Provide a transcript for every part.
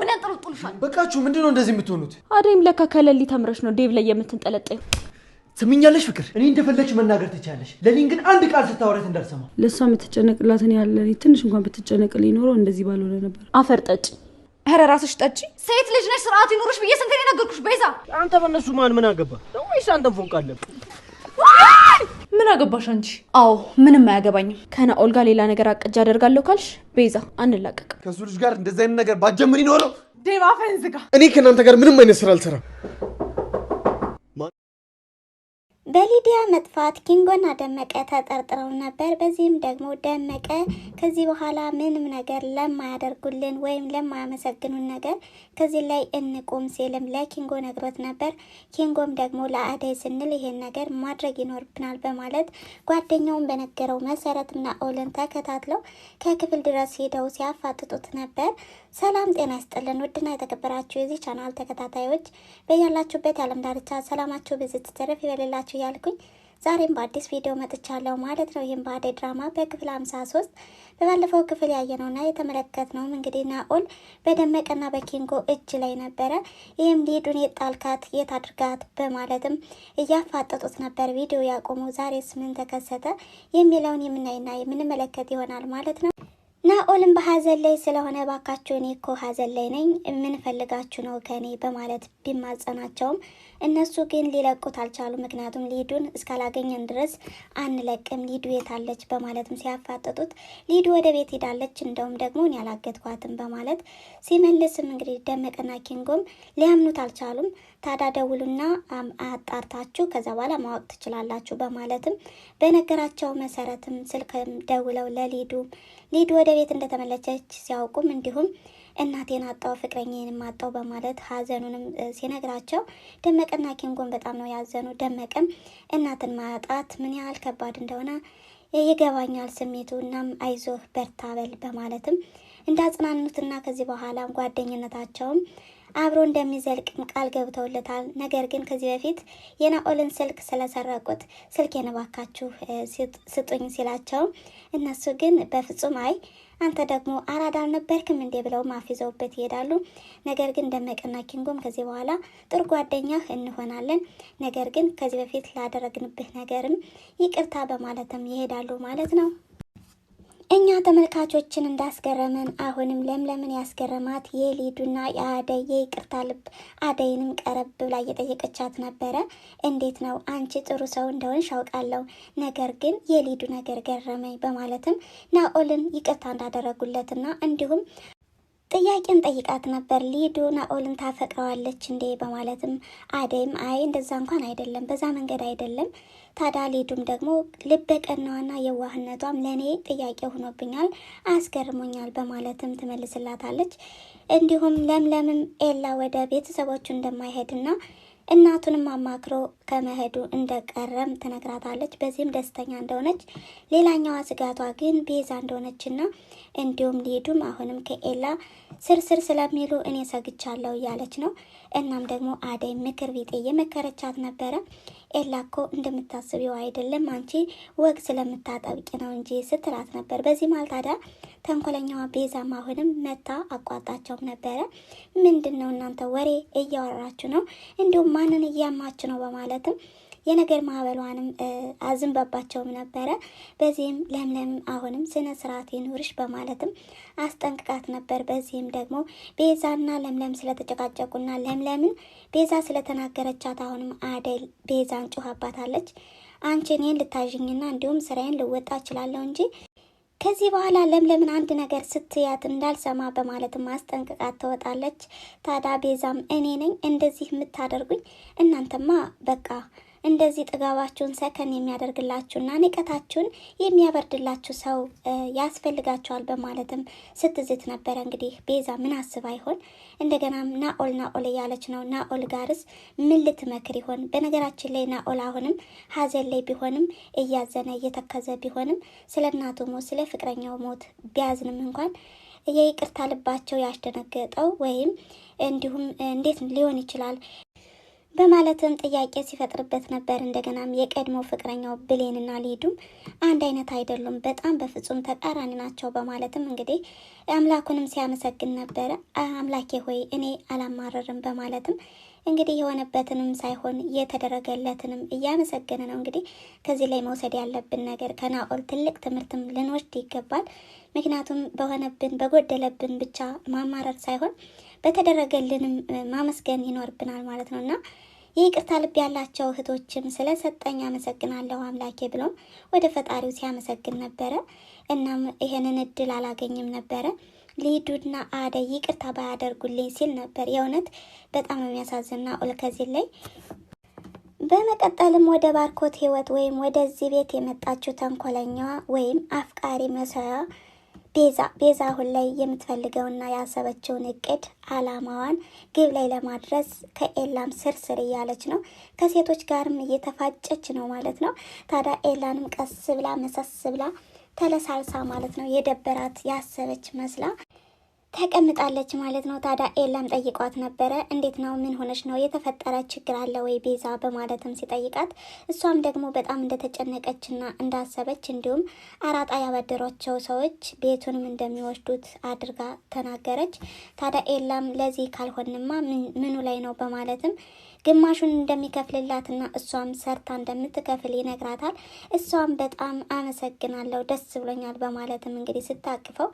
ምን ያንጠለጥልሻል? በቃችሁ። ምንድን ነው እንደዚህ የምትሆኑት? አደይም ለካ ከለሊ ተምረሽ ነው ዴቭ ላይ የምትንጠለጠዩ። ስምኛለሽ ፍቅር፣ እኔ እንደፈለግሽ መናገር ትችያለሽ። ለኔን ግን አንድ ቃል ስታወረት እንዳልሰማ። ለእሷ የምትጨነቅላትን ያለ ትንሽ እንኳን ብትጨነቅ ኖሮ እንደዚህ ባልሆነ ነበር። አፈር ጠጭ ኧረ ራስሽ ጠጪ። ሴት ልጅ ነሽ፣ ስርዓት ይኖርሽ ብዬ ስንት ነገርኩሽ? ቤዛ፣ አንተ በእነሱ ማን ምን አገባ? ወይስ አንተን ፎንቃ ምን አገባሽ አንቺ? አዎ ምንም አያገባኝም። ከናኦል ጋር ሌላ ነገር አቅጅ አደርጋለሁ ካልሽ ቤዛ አንላቀቅ። ከሱ ልጅ ጋር እንደዚህ አይነት ነገር ባጀምሪ ኖረው ዴባ እኔ ከእናንተ ጋር ምንም አይነት ስራ አልሰራም። በሊዲያ መጥፋት ኪንጎና ደመቀ ተጠርጥረው ነበር። በዚህም ደግሞ ደመቀ ከዚህ በኋላ ምንም ነገር ለማያደርጉልን ወይም ለማያመሰግኑን ነገር ከዚህ ላይ እንቁም ሲልም ለኪንጎ ነግሮት ነበር። ኪንጎም ደግሞ ለአደይ ስንል ይሄን ነገር ማድረግ ይኖርብናል በማለት ጓደኛውን በነገረው መሰረትና ኦልን ተከታትለው ከክፍል ድረስ ሄደው ሲያፋጥጡት ነበር። ሰላም ጤና ይስጥልን። ውድና የተከበራችሁ የዚህ ቻናል ተከታታዮች በያላችሁበት የዓለም ዳርቻ ሰላማችሁ ብዝት ትርፍ ይበልላችሁ እያልኩኝ ዛሬም በአዲስ ቪዲዮ መጥቻለሁ ማለት ነው። ይህም በአደይ ድራማ በክፍል ሀምሳ ሶስት በባለፈው ክፍል ያየነውና የተመለከትነውም እንግዲህ ናኦል በደመቀና በኪንጎ እጅ ላይ ነበረ። ይህም ሊዱን የጣልካት የት አድርጋት በማለትም እያፋጠጡት ነበር። ቪዲዮ ያቆሙ ዛሬስ ምን ተከሰተ የሚለውን የምናይና የምንመለከት ይሆናል ማለት ነው። ናኦልም በሀዘን ላይ ስለሆነ ባካችሁ እኔ እኮ ሀዘን ላይ ነኝ፣ ምን ፈልጋችሁ ነው ከኔ በማለት ቢማጸናቸውም እነሱ ግን ሊለቁት አልቻሉ። ምክንያቱም ሊዱን እስካላገኘን ድረስ አንለቅም፣ ሊዱ የታለች በማለትም ሲያፋጥጡት ሊዱ ወደ ቤት ሄዳለች፣ እንደውም ደግሞ እኔ አላገትኳትም በማለት ሲመልስም እንግዲህ ደመቀና ኪንጎም ሊያምኑት አልቻሉም። ታዲያ ደውሉና አጣርታችሁ ከዛ በኋላ ማወቅ ትችላላችሁ በማለትም በነገራቸው መሰረትም ስልክም ደውለው ለሊዱ ሊዱ ወደ ቤት እንደተመለሰች ሲያውቁም እንዲሁም እናቴን አጣው ፍቅረኛን አጣው በማለት ሀዘኑንም ሲነግራቸው ደመቀና ኪንጎን በጣም ነው ያዘኑ። ደመቀም እናትን ማጣት ምን ያህል ከባድ እንደሆነ ይገባኛል ስሜቱ፣ እናም አይዞህ በርታበል በማለትም እንዳጽናኑትና ከዚህ በኋላ ጓደኝነታቸውም አብሮ እንደሚዘልቅም ቃል ገብተውለታል። ነገር ግን ከዚህ በፊት የናኦልን ስልክ ስለሰረቁት ስልኬን እባካችሁ ስጡኝ ሲላቸው እነሱ ግን በፍጹም አይ አንተ ደግሞ አራዳ አልነበርክም እንዴ ብለው ማፊዘውበት ይሄዳሉ። ነገር ግን ደመቀና ኪንጎም ከዚህ በኋላ ጥሩ ጓደኛህ እንሆናለን፣ ነገር ግን ከዚህ በፊት ላደረግንብህ ነገርም ይቅርታ በማለትም ይሄዳሉ ማለት ነው። እኛ ተመልካቾችን እንዳስገረመን አሁንም ለምለምን ያስገረማት የሊዱና የአደይ የይቅርታ ልብ አደይንም ቀረብ ብላ እየጠየቀቻት ነበረ። እንዴት ነው አንቺ ጥሩ ሰው እንደሆንሽ አውቃለሁ፣ ነገር ግን የሊዱ ነገር ገረመኝ በማለትም ናኦልን ይቅርታ እንዳደረጉለትና እንዲሁም ጥያቄን ጠይቃት ነበር። ሊዱ ናኦልን ታፈቅረዋለች እንዴ? በማለትም አደይም አይ እንደዛ እንኳን አይደለም፣ በዛ መንገድ አይደለም ታዲያ ሊዱም ደግሞ ልበ ቀናዋና የዋህነቷም ለእኔ ጥያቄ ሆኖብኛል፣ አስገርሞኛል በማለትም ትመልስላታለች። እንዲሁም ለምለምም ኤላ ወደ ቤተሰቦቹ እንደማይሄድና እናቱንም አማክሮ ከመሄዱ እንደቀረም ትነግራታለች። በዚህም ደስተኛ እንደሆነች፣ ሌላኛዋ ስጋቷ ግን ቤዛ እንደሆነችና እንዲሁም ሊዱም አሁንም ከኤላ ስርስር ስለሚሉ እኔ ሰግቻለሁ እያለች ነው። እናም ደግሞ አደይ ምክር ቤጤ የመከረቻት ነበረ። ኤላ እኮ እንደምታስቢው አይደለም አንቺ ወግ ስለምታጠብቂ ነው እንጂ ስትላት ነበር። በዚህ መሃል ታዲያ ተንኮለኛዋ ቤዛ አሁንም መታ አቋጣቸውም ነበረ። ምንድን ነው እናንተ ወሬ እያወራችሁ ነው? እንዲሁም ማንን እያማችሁ ነው? በማለትም የነገር ማዕበሏንም አዝንበባቸውም ነበረ። በዚህም ለምለም አሁንም ስነ ስርዓት ይኑርሽ በማለትም አስጠንቅቃት ነበር። በዚህም ደግሞ ቤዛና ለምለም ስለተጨቃጨቁና ለምለምን ቤዛ ስለተናገረቻት አሁንም አደይ ቤዛን ጩኸባታለች። አንቺ እኔን ልታዥኝና እንዲሁም ስራዬን ልወጣ እችላለሁ እንጂ ከዚህ በኋላ ለምለምን አንድ ነገር ስትያት እንዳልሰማ በማለት ማስጠንቀቃት ትወጣለች። ታዲያ ቤዛም እኔ ነኝ እንደዚህ የምታደርጉኝ እናንተማ በቃ እንደዚህ ጥጋባችሁን ሰከን የሚያደርግላችሁና ንቀታችሁን የሚያበርድላችሁ ሰው ያስፈልጋችኋል በማለትም ስትዝት ነበረ። እንግዲህ ቤዛ ምን አስባ ይሆን? እንደገናም ናኦል ናኦል እያለች ነው። ናኦል ጋርስ ምን ልትመክር ይሆን? በነገራችን ላይ ናኦል አሁንም ሀዘን ላይ ቢሆንም እያዘነ እየተከዘ ቢሆንም ስለ እናቱ ሞት ስለ ፍቅረኛው ሞት ቢያዝንም እንኳን የይቅርታ ልባቸው ያስደነገጠው ወይም እንዲሁም እንዴት ሊሆን ይችላል በማለትም ጥያቄ ሲፈጥርበት ነበር። እንደገናም የቀድሞ ፍቅረኛው ብሌንና ሊዱም አንድ አይነት አይደሉም፣ በጣም በፍጹም ተቃራኒ ናቸው በማለትም እንግዲህ አምላኩንም ሲያመሰግን ነበረ። አምላኬ ሆይ እኔ አላማረርም በማለትም እንግዲህ የሆነበትንም ሳይሆን የተደረገለትንም እያመሰገነ ነው። እንግዲህ ከዚህ ላይ መውሰድ ያለብን ነገር ከናኦል ትልቅ ትምህርትም ልንወስድ ይገባል። ምክንያቱም በሆነብን በጎደለብን ብቻ ማማረር ሳይሆን በተደረገልንም ማመስገን ይኖርብናል ማለት ነው እና ይህ ይቅርታ ልብ ያላቸው እህቶችም ስለ ሰጠኝ አመሰግናለሁ አምላኬ ብሎም ወደ ፈጣሪው ሲያመሰግን ነበረ። እናም ይህንን እድል አላገኝም ነበረ ሊዱና አደ ይቅርታ ባያደርጉልኝ ሲል ነበር። የእውነት በጣም የሚያሳዝንና ኦል ከዚህ ላይ በመቀጠልም ወደ ባርኮት ህይወት ወይም ወደዚህ ቤት የመጣችው ተንኮለኛዋ ወይም አፍቃሪ መሰያ ቤዛ ቤዛ አሁን ላይ የምትፈልገውና ያሰበችውን እቅድ አላማዋን ግብ ላይ ለማድረስ ከኤላም ስር ስር እያለች ነው። ከሴቶች ጋርም እየተፋጨች ነው ማለት ነው። ታዲያ ኤላንም ቀስ ብላ መሰስ ብላ ተለሳልሳ ማለት ነው የደበራት ያሰበች መስላ ተቀምጣለች ማለት ነው። ታዲያ ኤላም ጠይቋት ነበረ። እንዴት ነው? ምን ሆነች ነው? የተፈጠረ ችግር አለ ወይ ቤዛ በማለትም ሲጠይቃት እሷም ደግሞ በጣም እንደተጨነቀችና እንዳሰበች እንዲሁም አራጣ ያበደሯቸው ሰዎች ቤቱንም እንደሚወስዱት አድርጋ ተናገረች። ታዲያ ኤላም ለዚህ ካልሆንማ ምኑ ላይ ነው በማለትም ግማሹን እንደሚከፍልላትና እሷም ሰርታ እንደምትከፍል ይነግራታል። እሷም በጣም አመሰግናለሁ፣ ደስ ብሎኛል በማለትም እንግዲህ ስታቅፈው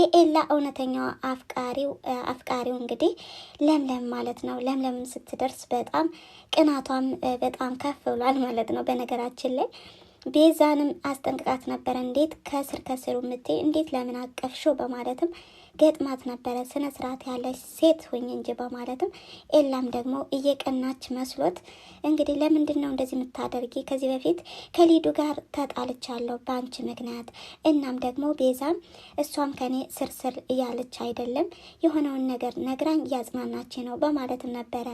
የኤላ እውነተኛዋ አፍቃሪው አፍቃሪው እንግዲህ ለምለም ማለት ነው። ለምለም ስትደርስ በጣም ቅናቷም በጣም ከፍ ብሏል ማለት ነው። በነገራችን ላይ ቤዛንም አስጠንቅቃት ነበረ። እንዴት ከስር ከስሩ ምቴ እንዴት ለምን አቀፍሾ በማለትም ገጥማት ነበረ። ስነ ስርዓት ያለች ሴት ሁኝ እንጂ በማለትም ኤላም ደግሞ እየቀናች መስሎት እንግዲህ ለምንድን ነው እንደዚህ የምታደርጊ? ከዚህ በፊት ከሊዱ ጋር ተጣልቻለሁ በአንቺ ምክንያት። እናም ደግሞ ቤዛም እሷም ከኔ ስርስር እያለች አይደለም የሆነውን ነገር ነግራኝ እያጽናናች ነው በማለትም ነበረ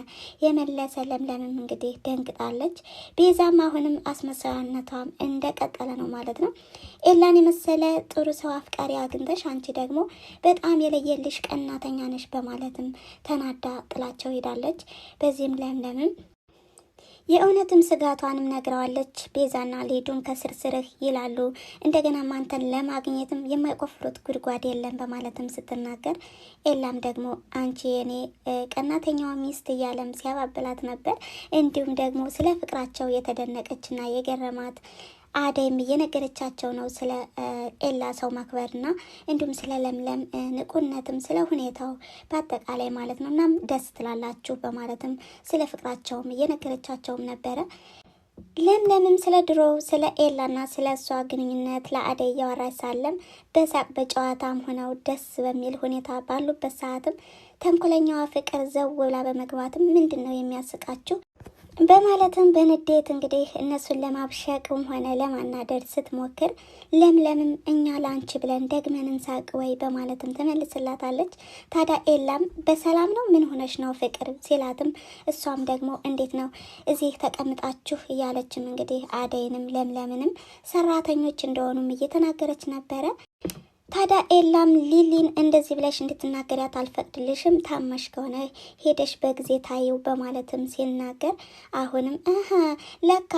የመለሰ። ለምለምም እንግዲህ ደንግጣለች። ቤዛም አሁንም አስመሳያነቷም እንደቀጠለ ነው ማለት ነው። ኤላን የመሰለ ጥሩ ሰው አፍቃሪ አግኝተሽ አንቺ ደግሞ በጣም በጣም የለየልሽ ቀናተኛ ነሽ በማለትም ተናዳ ጥላቸው ሄዳለች። በዚህም ለምለምም የእውነትም ስጋቷንም ነግረዋለች። ቤዛና ሌዱን ከስርስርህ ይላሉ። እንደገና ማንተን ለማግኘትም የማይቆፍሩት ጉድጓድ የለም በማለትም ስትናገር፣ ኤላም ደግሞ አንቺ የኔ ቀናተኛዋ ሚስት እያለም ሲያባብላት ነበር። እንዲሁም ደግሞ ስለ ፍቅራቸው የተደነቀችና የገረማት አደይም እየነገረቻቸው ነው ስለ ኤላ ሰው ማክበርና እንዲሁም ስለ ለምለም ንቁነትም ስለ ሁኔታው በአጠቃላይ ማለት ነው። እናም ደስ ትላላችሁ በማለትም ስለ ፍቅራቸውም እየነገረቻቸውም ነበረ። ለምለምም ስለ ድሮ ስለ ኤላና ስለ እሷ ግንኙነት ለአደይ እያወራች ሳለም በሳቅ በጨዋታም ሆነው ደስ በሚል ሁኔታ ባሉበት ሰዓትም ተንኮለኛዋ ፍቅር ዘው ብላ በመግባትም ምንድን ነው የሚያስቃችሁ በማለትም በንዴት እንግዲህ እነሱን ለማብሸቅም ሆነ ለማናደድ ስትሞክር ለምለምም እኛ ላንቺ ብለን ደግመን እንሳቅ ወይ በማለትም ትመልስላታለች። ታዲያ ኤላም በሰላም ነው ምን ሆነች ነው ፍቅር ሲላትም እሷም ደግሞ እንዴት ነው እዚህ ተቀምጣችሁ እያለችም እንግዲህ አደይንም ለምለምንም ሰራተኞች እንደሆኑም እየተናገረች ነበረ። ታዲያ ኤላም ሊሊን እንደዚህ ብለሽ እንድትናገሪያት አልፈቅድልሽም፣ ታመሽ ከሆነ ሄደሽ በጊዜ ታየው በማለትም ሲናገር አሁንም እህ ለካ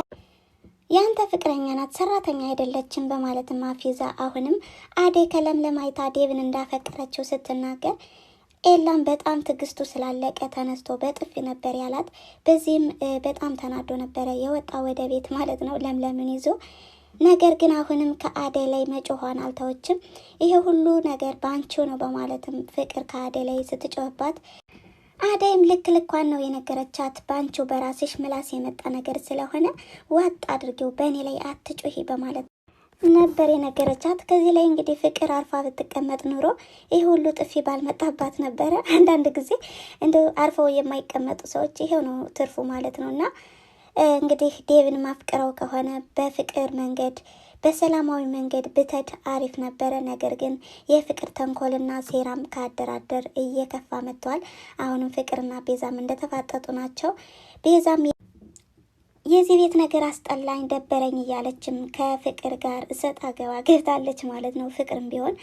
ያንተ ፍቅረኛ ናት ሰራተኛ አይደለችም በማለትም አፊዛ አሁንም አዴ ከለምለም አይታ ዴብን እንዳፈቀረችው ስትናገር ኤላም በጣም ትግስቱ ስላለቀ ተነስቶ በጥፊ ነበር ያላት። በዚህም በጣም ተናዶ ነበረ የወጣ ወደ ቤት ማለት ነው ለምለምን ይዞ ነገር ግን አሁንም ከአደላይ ላይ መጮኋን አልተወችም። ይሄ ሁሉ ነገር ባንቺው ነው በማለትም ፍቅር ከአደላይ ላይ ስትጮህባት አደይም ልክ ልኳን ነው የነገረቻት። ባንቺው በራስሽ ምላስ የመጣ ነገር ስለሆነ ዋጥ አድርጌው በእኔ ላይ አትጮሂ በማለት ነበር የነገረቻት። ከዚህ ላይ እንግዲህ ፍቅር አርፋ ብትቀመጥ ኑሮ ይህ ሁሉ ጥፊ ባልመጣባት ነበረ። አንዳንድ ጊዜ እንደ አርፈው የማይቀመጡ ሰዎች ይሄው ነው ትርፉ ማለት ነው እና እንግዲህ ዴቭን ማፍቀረው ከሆነ በፍቅር መንገድ በሰላማዊ መንገድ ብተድ አሪፍ ነበረ። ነገር ግን የፍቅር ተንኮልና ሴራም ከአደራደር እየከፋ መጥቷል። አሁንም ፍቅርና ቤዛም እንደተፋጠጡ ናቸው። ቤዛም የዚህ ቤት ነገር አስጠላኝ፣ ደበረኝ እያለችም ከፍቅር ጋር እሰጥ አገባ ገብታለች ማለት ነው። ፍቅርም ቢሆን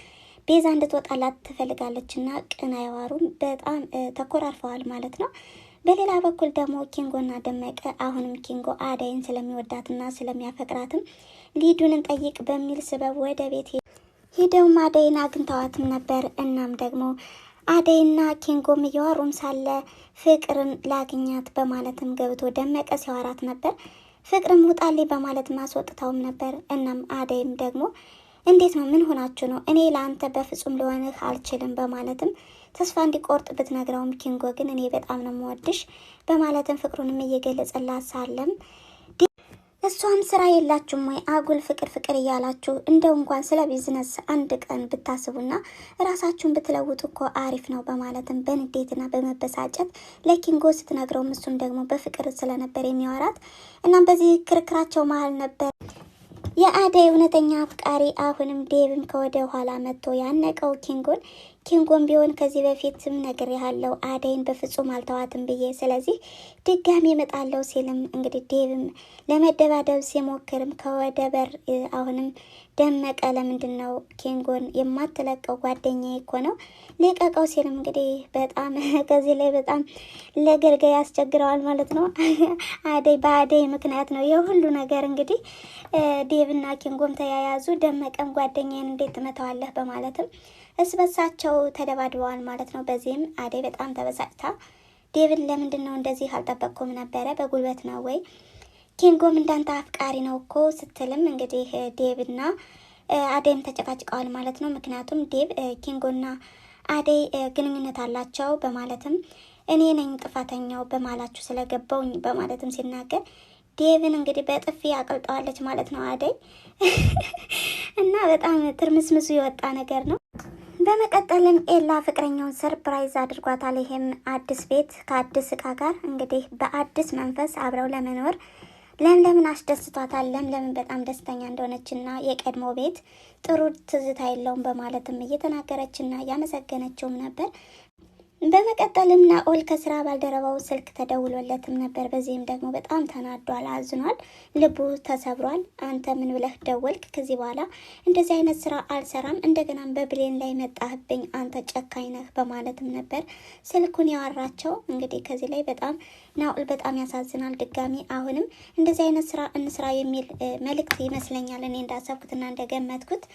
ቤዛ እንድትወጣላት ትፈልጋለች እና ቅን አይዋሩም በጣም ተኮራርፈዋል ማለት ነው። በሌላ በኩል ደግሞ ኪንጎና ደመቀ አሁንም ኪንጎ አዳይን ስለሚወዳትና ስለሚያፈቅራትም ሊዱንን ጠይቅ በሚል ስበብ ወደ ቤት ሂደውም አዳይን አግኝተዋትም ነበር። እናም ደግሞ አደይና ኪንጎም እያወሩም ሳለ ፍቅርን ላግኛት በማለትም ገብቶ ደመቀ ሲያወራት ነበር። ፍቅርም ውጣሌ በማለት ማስወጥተውም ነበር። እናም አደይም ደግሞ እንዴት ነው? ምን ሆናችሁ ነው? እኔ ለአንተ በፍጹም ልሆንህ አልችልም በማለትም ተስፋ እንዲቆርጥ ብትነግረውም ኪንጎ ግን እኔ በጣም ነው የምወድሽ በማለትም ፍቅሩንም እየገለጸላት ሳለም እሷም ስራ የላችሁም ወይ አጉል ፍቅር ፍቅር እያላችሁ እንደው እንኳን ስለ ቢዝነስ አንድ ቀን ብታስቡና ራሳችሁን ብትለውጡ እኮ አሪፍ ነው በማለትም በንዴትና በመበሳጨት ለኪንጎ ስትነግረውም እሱም ደግሞ በፍቅር ስለነበር የሚያወራት እናም በዚህ ክርክራቸው መሀል ነበር የአደይ እውነተኛ አፍቃሪ አሁንም ዴብም ከወደ ኋላ መጥቶ ያነቀው ኪንጉን ኪንጎን ቢሆን ከዚህ በፊትም ነግሬሃለሁ አደይን በፍጹም አልተዋትም ብዬ ስለዚህ ድጋሚ እመጣለሁ ሲልም እንግዲህ ዴብም ለመደባደብ ሲሞክርም ከወደ በር አሁንም ደመቀ ለምንድን ነው ኪንጎን የማትለቀው? ጓደኛዬ እኮ ነው ልቀቀው ሲልም እንግዲህ በጣም ከዚህ ላይ በጣም ለገርገ ያስቸግረዋል ማለት ነው። አደይ በአደይ ምክንያት ነው የሁሉ ነገር እንግዲህ ዴብና ኪንጎም ተያያዙ። ደመቀም ጓደኛዬን እንዴት ትመታዋለህ በማለትም እስ በሳቸው ተደባድበዋል ማለት ነው። በዚህም አደይ በጣም ተበሳጭታ ዴቪድ ለምንድን ነው እንደዚህ አልጠበቅኩም ነበረ፣ በጉልበት ነው ወይ ኪንጎም እንዳንተ አፍቃሪ ነው እኮ ስትልም እንግዲህ ዴቭና አደይም ተጨቃጭቀዋል ማለት ነው። ምክንያቱም ዴቭ ኪንጎና አደይ ግንኙነት አላቸው በማለትም እኔ ነኝ ጥፋተኛው በማላችሁ ስለገባውኝ በማለትም ሲናገር ዴቭን እንግዲህ በጥፊ አቅልጠዋለች ማለት ነው አደይ እና በጣም ትርምስምሱ የወጣ ነገር ነው። በመቀጠልም ኤላ ፍቅረኛውን ሰርፕራይዝ አድርጓታል። ይህም አዲስ ቤት ከአዲስ እቃ ጋር እንግዲህ በአዲስ መንፈስ አብረው ለመኖር ለምለምን አስደስቷታል። ለምለምን በጣም ደስተኛ እንደሆነች የቀድሞ ቤት ጥሩ ትዝታ የለውም በማለትም እየተናገረች ና እያመሰገነችውም ነበር። በመቀጠልም ናኦል ከስራ ባልደረባው ስልክ ተደውሎለትም ነበር። በዚህም ደግሞ በጣም ተናዷል፣ አዝኗል፣ ልቡ ተሰብሯል። አንተ ምን ብለህ ደወልክ? ከዚህ በኋላ እንደዚህ አይነት ስራ አልሰራም፣ እንደገናም በብሌን ላይ መጣህብኝ፣ አንተ ጨካኝ ነህ በማለትም ነበር ስልኩን ያወራቸው። እንግዲህ ከዚህ ላይ በጣም ናኦል በጣም ያሳዝናል። ድጋሚ አሁንም እንደዚህ አይነት ስራ እንስራ የሚል መልእክት ይመስለኛል እኔ እንዳሰብኩትና እንደገመትኩት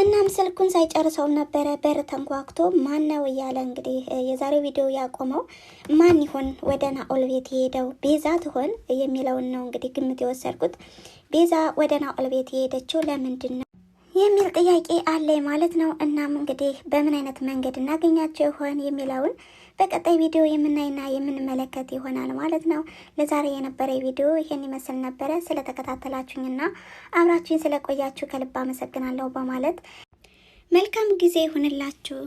እናም ስልኩን ሳይጨርሰውም ነበረ በር ተንኳክቶ ማን ነው እያለ እንግዲህ የዛሬው ቪዲዮ ያቆመው ማን ይሆን ወደ ናኦል ቤት የሄደው ቤዛ ትሆን የሚለውን ነው እንግዲህ ግምት የወሰድኩት። ቤዛ ወደ ናኦል ቤት የሄደችው ለምንድን ነው? የሚል ጥያቄ አለ ማለት ነው። እናም እንግዲህ በምን አይነት መንገድ እናገኛቸው ይሆን የሚለውን በቀጣይ ቪዲዮ የምናይና የምንመለከት ይሆናል ማለት ነው። ለዛሬ የነበረ ቪዲዮ ይህን ይመስል ነበረ። ስለተከታተላችሁኝና አብራችሁኝ ስለቆያችሁ ከልብ አመሰግናለሁ በማለት መልካም ጊዜ ይሁንላችሁ።